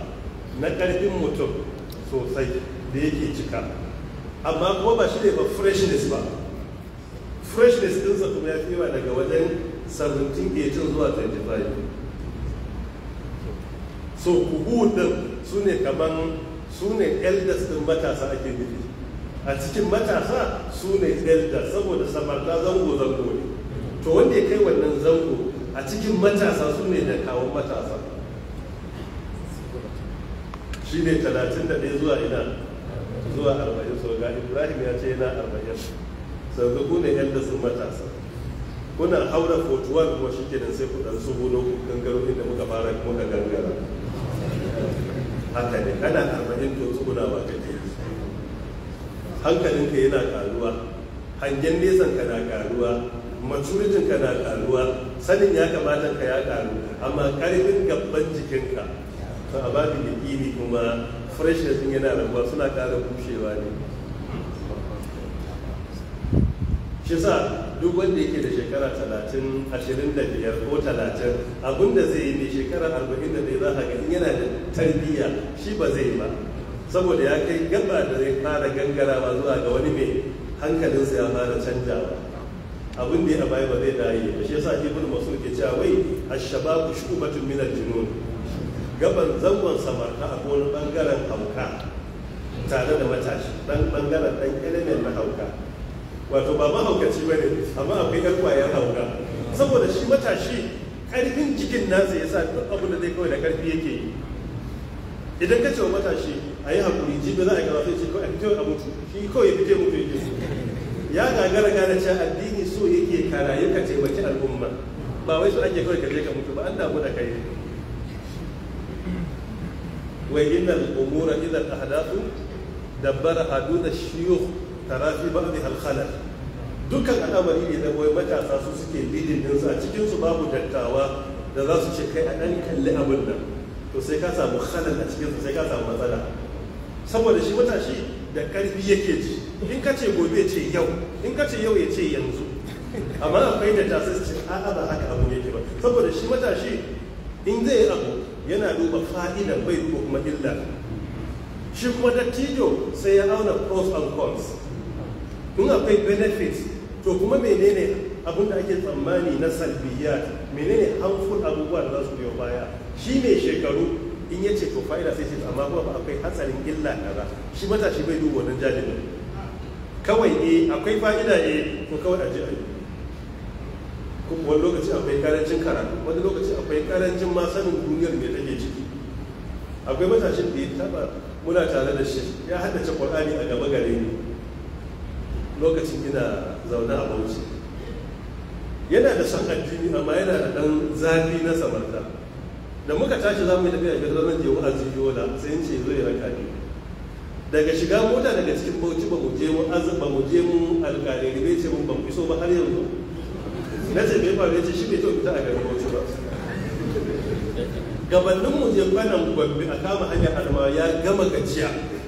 na ƙarfin mutum sosai da yake cika amma kuma ba shi ne ba freshness ba freshness ɗin kuma ya fi daga wajen 17 zuwa 25 so kuhu ɗin su ne kaman su ne elders ɗin matasa ake nufi a cikin matasa su ne elders saboda samarta zango zango ne to wanda ya kai wannan zango a cikin matasa su ne da kawo matasa shi ne 31 zuwa ina zuwa 40 so ga ibrahim ya ce yana 40 sau gugu ne yadda sun matasa kuna haura 41 kuma shi kenan sai ku ɗan su hulo ku gangaro inda muka fara muka gangara haka ne kana 40 to tsuguna ba ka hankalinka yana karuwa hangen nesan ka na karuwa maturitin ka na karuwa sanin ya kamata ka ya karu amma karfin gaban jikinka to a babu yaƙini kuma freshness din yana rabuwa suna ƙara bushewa ne shi sa duk wanda yake da shekara talatin ashirin da biyar ko talatin abinda zai yi ne shekara arba'in da zai za a ga yana da tarbiyya shi ba zai ba saboda ya kai gaba da zai fara gangarawa zuwa ga wani mai hankalinsa ya fara canjawa abin da ya baya ba zai dare ba shi yasa bin masu ke cewa wai ash-shababu shubatun min aljunun gaban zangon samarta a gonar bangaren hauka tare da matashi dan bangaren dan element na hauka wato ba mahaukaci ba ne amma akwai yan kwayar hauka saboda shi matashi karfin jikin nasa yasa duk abin da zai kawai da karfi yake yi idan ka ce wa matashi a yi hakuri jibi za a yi karatu sai ce kawai a fito a mutu shi kawai ya fito mutu ya gagara gane cewa addini so yake kana yi ka taimaki al'umma ba wai su ake kawai kaje ka mutu ba an damu da kai ne wai innal umura idan ahdathu dabbara haduda shiyukh tarafi ba'd al-khalal dukkan al'amari ne da wai matasa su suke bidin din su a cikin su babu dattawa da za su ce kai a dan kalli abin nan to sai ka samu khalal a cikin su sai ka samu matsala saboda shi matashi da karfi yake ji in ka ce gobe ce yau in ka ce yau ya ce yanzu amma akwai da ta sai ce a'a ba haka abu yake ba saboda shi matashi in zai yi abu yana duba fa'idan bai ko kuma illa shi kuma dattijo sai ya auna pros and cons in akwai benefit to kuma menene abin da ake tsammani na salbiya? menene harmful abubuwa da za su biyo baya shi mai shekaru in ya ce to fa'ida sai ce amma kuma akwai hatsarin illa ba shi matashi bai duba wannan jalibin kawai eh akwai fa'ida eh to kawai a ji a yi kuma wani lokaci akwai karancin karatu wani lokaci akwai karancin ma sanin duniyar mai take ciki akwai matashin da ya taba muna tare da shi ya haddace qur'ani a gaba gare ni lokacin ina zaune a bauchi yana da san addini amma yana da dan zafi na samarta da muka tashi za mu yi tafiya ga ranar je a yola sai ce zo ya raka ni daga shiga mota daga cikin bauchi ba mu je mu ba mu je mu alƙaliri bai ce mun ban so ba har yanzu na ce me faru ce shi bai taɓa fita a garin Bauchi ba gabanin mu je kwanan gwabbi a kama hanyar adamawa ya gama gajiya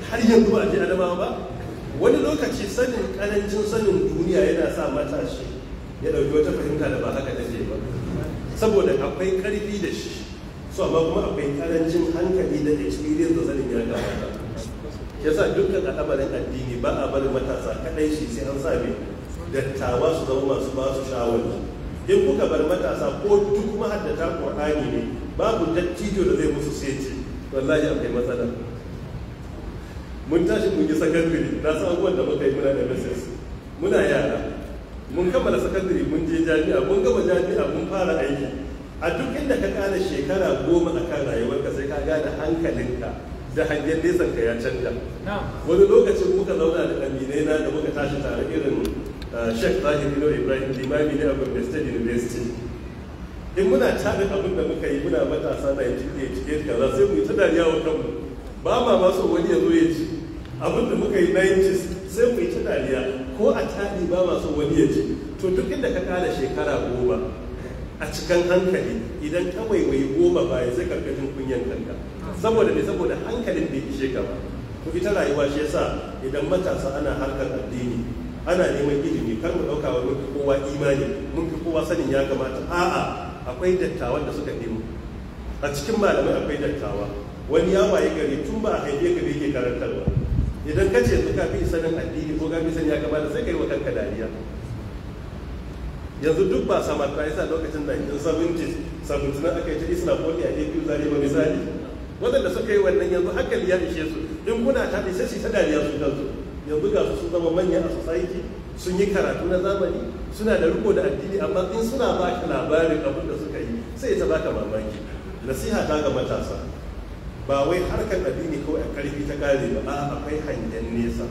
har yanzu ba a je adamawa ba wani lokaci sanin karancin sanin duniya yana sa matashi ya ɗauki wata fahimta da ba haka take ba saboda akwai ƙarfi da shi so amma kuma akwai karancin hankali da experience da sanin ya gabata yasa dukkan al'amarin addini ba a barin matasa kaɗai shi sai an sa dattawa su zama masu ba su shawarci in kuka bar matasa ko duk mahaddata qur'ani ne babu dattijo da zai musu sai ce wallahi akwai matsala mun tashi mun yi sakandare na san abubuwan da muka yi muna da mss muna yara mun kammala sakandare mun je jami'a mun gama jami'a mun fara aiki a duk inda ka kara shekara goma a kan rayuwarka sai ka gane hankalinka da hangen nesan ka ya canja wani lokacin muka zauna da aminai na da muka tashi tare irin Uh, Sheikh Tahir Ino Ibrahim limami ne a Gombe State University in muna tarin abin da muka yi muna matasa na 1988 kaza sai mu yi ta dariya wa kanmu ba ma masu wani ya zo ya ci abin da muka yi na yanci sai mu yi ta dariya ko a tari ba masu wani ya ci to duk inda ka kada shekara goma a cikin hankali idan ka waiwayi goma baya sai ka jin kunyan kanka saboda ne saboda hankalin bai ishe ka ba ku ita rayuwa shi yasa idan matasa ana harkar addini ana neman ilimi kar mu ɗauka wa mun fi kowa imani mun fi kowa sanin ya kamata a'a akwai dattawan da suka nemo a cikin malamai akwai dattawa wani ya waye gari tun ba a haife ka yake karantarwa idan ka ce ka fi sanin addini ko ka fi sanin ya kamata sai ka yi wa kanka dariya yanzu duk ba samar ta yasa lokacin da 1970s tunan aka yi ta isna koli a ɗaya zare ma misali wadanda suka yi wannan yanzu hankali ya ishe su in kuna tafi sai su ta dariya su kansu yanzu ga su sun zama manya a society sun yi karatu na zamani suna da riko da addini amma in suna ba ka labarin abin da suka yi sai ta baka mamaki nasiha ta ga matasa ba wai harkar addini kawai a karfi ta kare ba a akwai hangen nesa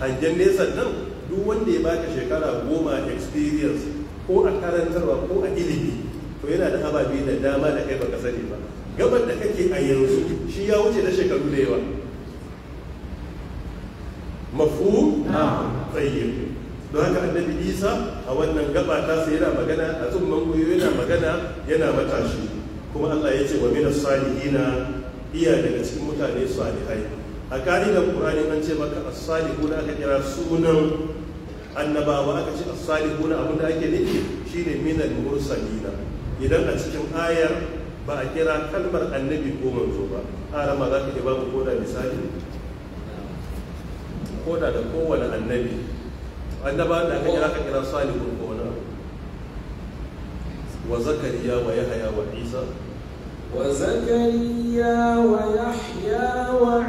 hangen nesa nan duk wanda ya baka shekara goma experience ko a karantarwa ko a ilimi to yana da ababe da dama da kai baka sani ba gaban da kake a yanzu shi ya wuce da shekaru da yawa mafu tsayin. don haka annabi isa a wannan gaba ta sai yana magana a tsumman goyo yana magana yana matashi kuma allah ya ce wa mina salihina iya daga cikin mutane salihai a ƙa'idar qur'ani an ce maka as-salihuna aka kira sunan annabawa aka ce as-salihuna abin da ake nufi shine minal mursalina idan a cikin ayar ba a kira kalmar annabi ko manzo ba a rama za ka ba mu koda misali ko da da kowane annabi annaba da aka kira ka kira salihun ko wani wa zakariya wa yahya wa isa wa zakariya wa yahya wa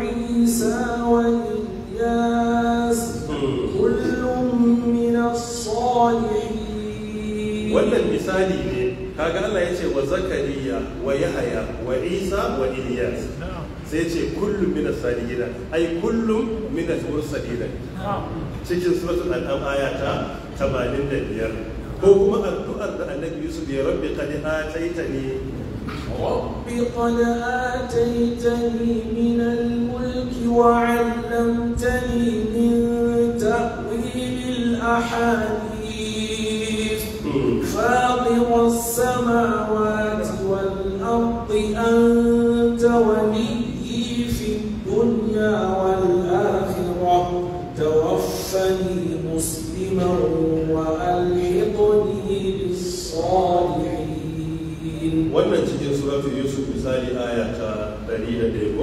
isa wa ilyas hmm. kullum min as-salihin wannan misali ne kaga Allah yace, wa zakariya wa yahya wa isa wa ilyas sai ce kullum min as-sadiqina ai kullum min al-mursalina cikin suratul an'am aya ta 85 ko kuma addu'ar da annabi Yusuf ya rabbi qad ataitani rabbi qad ataitani min al-mulki wa 'allamtani min ta'wil al-ahadith فاطر السماوات والأرض أنت ولي wannan cikin suratu yusuf misali aya ta 101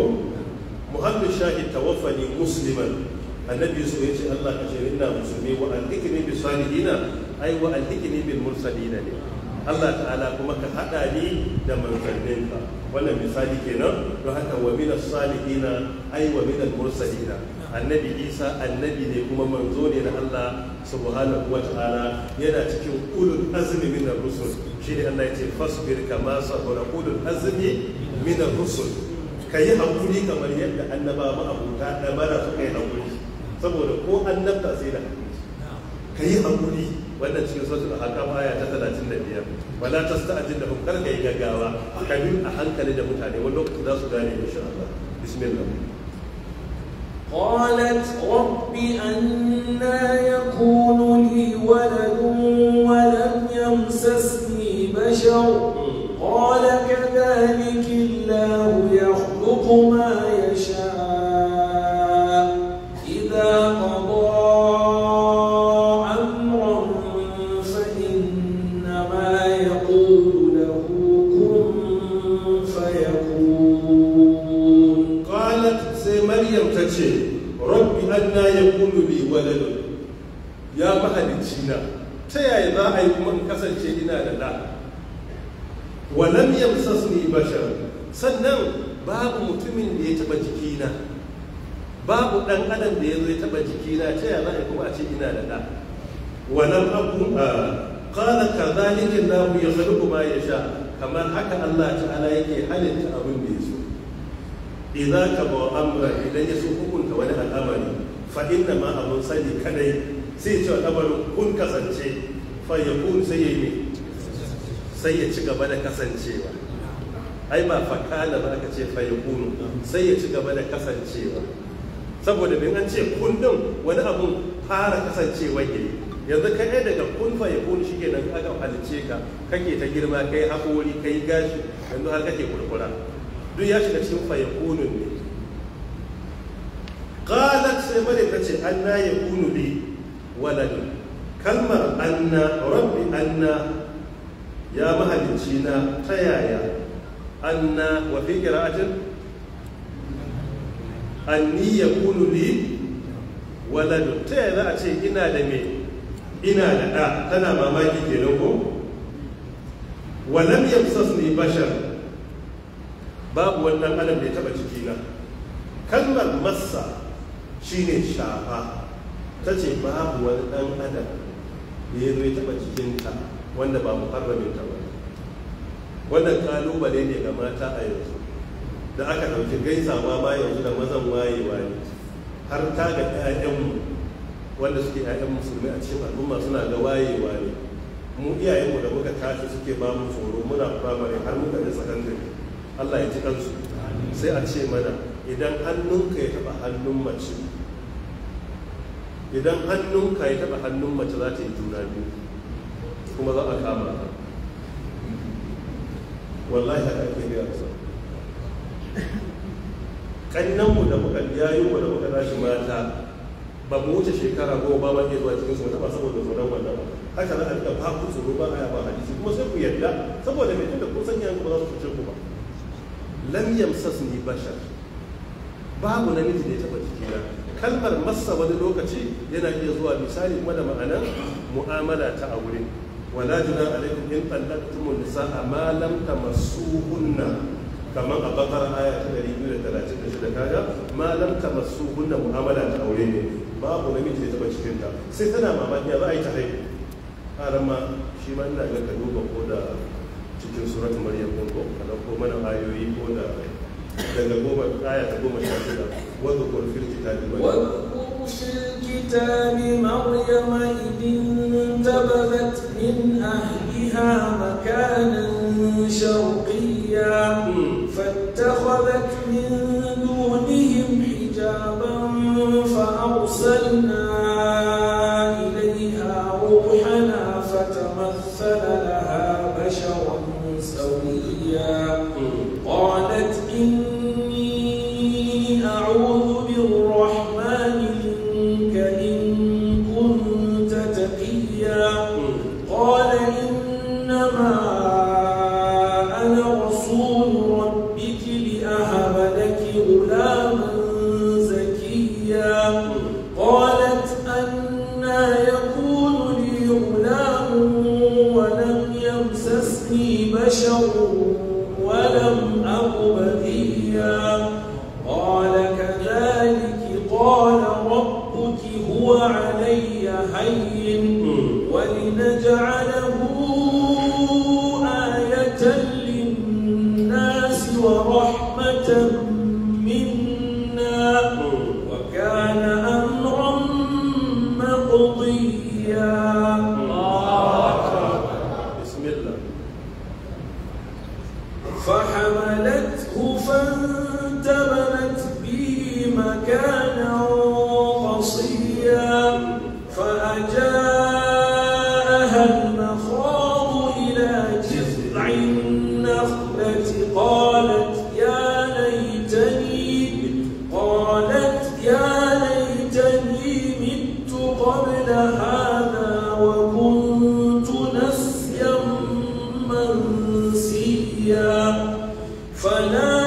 muhammad shahid tawaffani musliman annabi yusuf ya ce Allah ka shirina musulmi wa alhikni bis salihina ai wa alhikni bil mursalina ne Allah ta'ala kuma ka haɗa ni da manzanninka wannan misali kenan don haka wa min salihina ai wa min na annabi Isa annabi ne kuma manzo ne na Allah subhanahu ta'ala yana cikin ulul azmi min ar-rusul shi ne Allah yace fasbir kama sabara ulul azmi min ar-rusul ka yi kamar yadda annaba ma'abuta da mara suka yi hakuri. saboda ko annabta sai da hakuri, ka yi wannan cikin sautin ahkam aya ta da biyar, wala ajin da kar yi gaggawa ka bi a hankali da mutane wani lokaci za su gane insha Allah bismillah قالت رب أنا يكون لي ولد ولم يمسسني بشر قال كذلك الله يخلق ما يشاء waladun ya mahalicci na ta yaya za a yi kuma kasance ina da da walam yamsasni bashar sannan babu mutumin da ya taba jikina babu dan adam da ya zo ya taba jikina ta yaya za a yi kuma a ce ina da da walam aku qala kadhalika ya yakhluqu ma yasha kamar haka Allah ta'ala yake halitta abin da ya so idan ka ba amra idan ya so hukunta wani al'amari Faɗin da ma abin sani kadai sai ce al'amarin kun kasance fa kun sai yi ne sai ya ci gaba da kasancewa ai ba fa ba aka ce fa sai ya ci gaba da kasancewa saboda bin an ce kun din wani abun fara kasancewa ke yanzu ka ɗaya daga kun fa shi kenan aka halice ka kake ta girma kai haƙori kai gashi yanzu har kake kurkura duk ya shiga cikin fa ne qalat sai maryam ta ce anna ne, li waladun kalmar anna rabbi anna ya mahalicci na ta yaya anna wa fi qira'atin anni yakunu li waladun ta yaya a ce ina da me ina da ɗa tana mamaki kenan ko babu wannan alam da ya taba cikina kalmar masa. Shi ne shafa ta ce babu wani ɗan adam da ya zai taɓa jikinta wanda ba muharramin ta ba wannan kalubale ne ga mata a yanzu da aka ɗauki gaisawa ba yanzu da mazan wayewa ne har ta ga 'ya'yanmu wanda suke 'ya'yan musulmi a cikin al'umma suna da wayewa ne mu iyayenmu da muka tashi suke ba mu tsoro muna firamare har muka da sakandare Allah ya ji kansu sai a ce mana idan hannunka ya taba hannun mace idan hannunka ya taba hannun mace za ta yi juna biyu kuma za a kama ta wallahi haka ake biya da kannan mu da muka yi wa da muka tashi mata ba mu wuce shekara ko ba ma zuwa cikin su ba saboda tsoron wannan ba haka za a rika ba ku tsoro ba aya ba hadisi kuma sai ku yarda saboda mai tunda kun sanya yankun ba za su cuce ku ba lam yamsasni bashar babu namiji da ya taba jikina kalmar masa wani lokaci yana iya zuwa misali kuma da ma'anar mu'amala ta aure wala juna alaikum in tallaqtum nisaa ma lam tamassuhunna kamar a bakar aya ta dari biyu da talatin da shida kaga malam ta masu kunna mu'amala ta aure ne babu namiji da taba cikin ta sai tana mamaki za a yi ta haihu haram ma shi ma ina ga ka duba ko da cikin surat maryam ko ko mana ayoyi ko da daga goma aya ta goma sha shida wanda kun fil kitabi fil kitabi maryama idin min ahliha makana فلا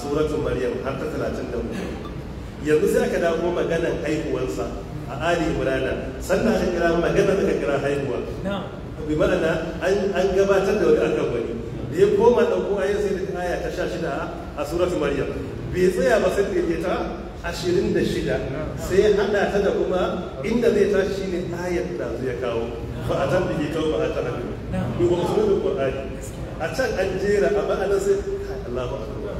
suratu maryam har ta 34 yanzu sai aka dawo maganan haihuwansa a ali imrana sannan aka kira maganar aka kira haihuwa bi ma'ana an gabatar da wani akan wani da ya koma ɗauko ayin sai da aya ta sha shida a suratu maryam bai tsaya ba sai da ta ashirin da shida sai ya haɗa ta da kuma inda zai tashi shine ayar da ya kawo ba a tambaye kawo ba a ta hannu. Duba musulmi da Ƙur'ani. A can an jera a ma'anar sai Allahu akbar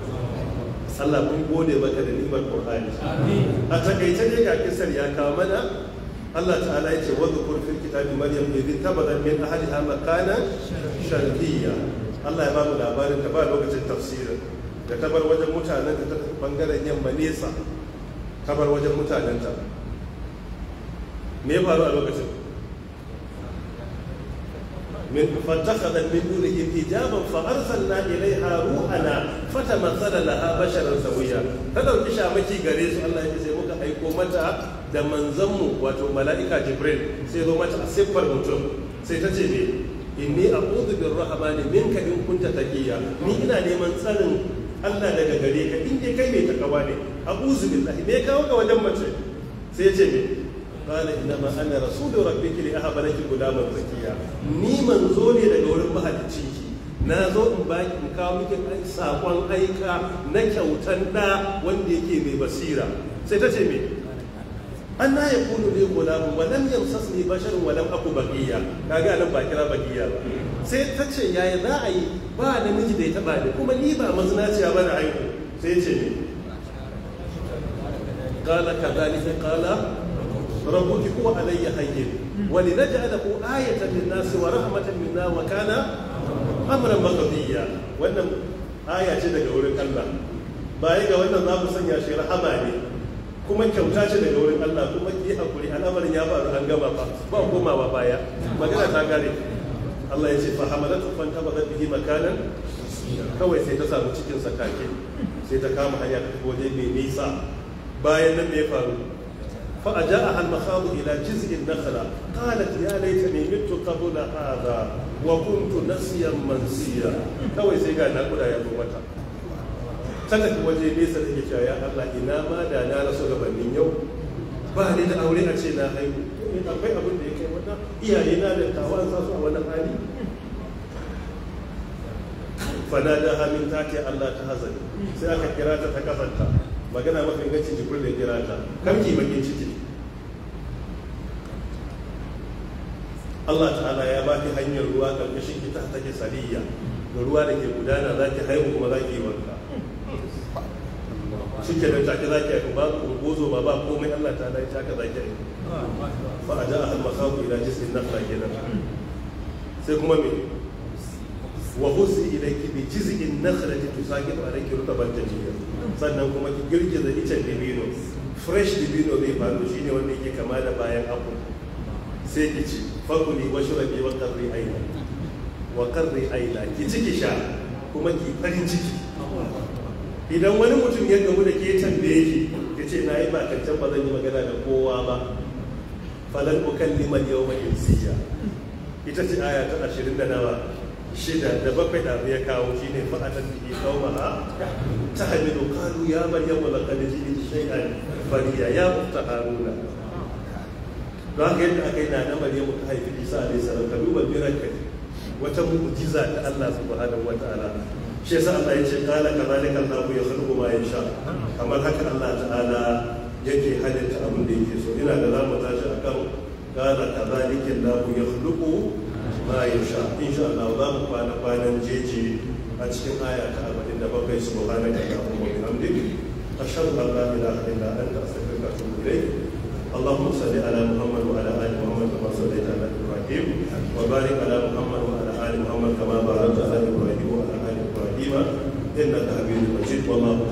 Allah mun gode maka da nimar Qur'ani a takaice dai ga kisar ya kawo mana Allah ta'ala yace wa dhukur fil kitabi maryam idh tabadat min ahliha makana sharqiyya Allah ya bamu labarin ta ba lokacin tafsirin da ta bar wajen mutanen ta bangaren yamma nesa ta bar wajen mutanen ta me ya faru a lokacin من فاتخذت من دونه حجابا فارسلنا اليها روحنا فتمثل لها بشرا سويا فلو تشا مكي سو الله يجي سي muka aiko mata da manzon mu wato malaika jibril sai zo mata a siffar mutum sai ta ce ne inni a'udhu birrahmani minka in kunta taqiya ni ina neman tsarin Allah daga gare ka in dai kai mai takawa ne a'udhu billahi me kawo ga wajen mace sai ya ce ne qala inna ma ana rasu da rasulu rabbiki li ahaba laki gulaman zakiya ni man zo ne daga wurin mahalicci na zo in baki in kawo miki sakon aika na kyautan da wanda yake mai basira sai ta ce me an na yakunu li gulamun wa lam yamsasni basharun wa lam aku baqiya kaga nan ba kira baqiya ba sai ta ce yaya za a yi ba namiji da ya taba ni kuma ni ba mazinaciya ba na haihu sai ce ne قال كذلك قال ربك هو علي هين ولنجعله آية للناس ورحمة منا وكان أمرا مقضيا وأن آية daga wurin Allah baya ga wannan za mu sanya shi rahama ne kuma kyauta ce daga wurin Allah kuma ki hakuri al'amarin ya faru an gama fa ba komawa baya magana ta gare Allah ya ce fa hamalatu fan tabadat bihi kawai sai ta samu cikin sakake sai ta kama hanya ta waje mai nisa bayan nan me ya faru فأجاءها المخاض إلى جزء النخلة قالت يا ليتني مت قبل هذا وكنت نسيا منسيا كوي سيغا نقول يا بومتا تلك وجه ليس لك يا الله إنا ما دانا رسول بنين يوم ba ni da aure a ce na haihu akwai abin da ya kai wannan iyaye na da tawa an sasu a wani hali fana da ta ke Allah ta hazari sai aka kira ta ta kasanta magana mafi ingancin jibril da kira ta kan ki bakin ciki Allah ta'ala ya baki hanyar ruwa karkashin ki ta take sariya da ruwa da ke gudana za ki haihu kuma za ki yi wanka shi ke nan take za ki haihu ba gozo ba ba komai Allah ta'ala ya taka za ki haihu ba a ja'a al-masabu ila jisin nafla kenan sai kuma me wa husi ilayki bi jiz'in nakhlati tusaqit alayki rutaban jamiyya sannan kuma ki girgiza icen dibino fresh dibino zai faru shine wanda yake kama da bayan abu. sai ki ci fakuli wa shurabi wa qarri aina wa qarri aina ki ci ki sha kuma ki farin ciki idan wani mutum ya gamu da ke tambaye ki ya ce na yi bakancan ba zan yi magana da kowa ba falan ukallima ma insiya ita ce aya ta ashirin da nawa shida da bakwai da ya kawo shi ne fa'adar da ke kawo mana ta hamilu kalu ya maryam wa laqad ji'ti shay'an fariya ya mufta haruna don haka yadda aka yi na na maryamu ta haifi isa alaihi salam ka duba miracle wata mu'jiza ta Allah subhanahu wa ta'ala shi yasa Allah ya ce qala kadhalika Allah ya khalqu ma yasha kamar haka Allah ta'ala yake halitta abin da yake so ina da zamu tashi akan qala kadhalika Allah ya khalqu ma yasha insha Allah za mu kwana kwanan jeje a cikin aya ta 47 subhanaka Allahumma wa bihamdika ashhadu an la ilaha illa anta astaghfiruka wa atubu ilayk اللهم صل على محمد وعلى ال محمد كما صليت على ابراهيم وبارك على محمد وعلى ال محمد كما باركت على ابراهيم وعلى ال ابراهيم انك حميد مجيد والله